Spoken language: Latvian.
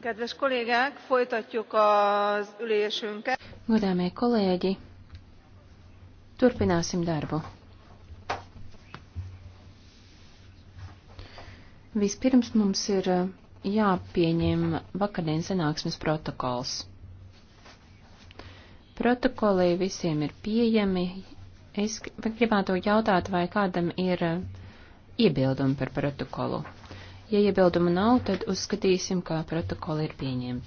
Kedves kollégák, folytatjuk az ülésünket. Godāmie kolēģi, turpināsim darbu. Vispirms mums ir uh, jāpieņem vakardienas sanāksmes protokols. Protokoli visiem ir pieejami. Es gribētu jautāt, vai kādam ir uh, iebildumi par protokolu. Ja iebildumu nav, tad uzskatīsim, kā protokoli ir pieņemti.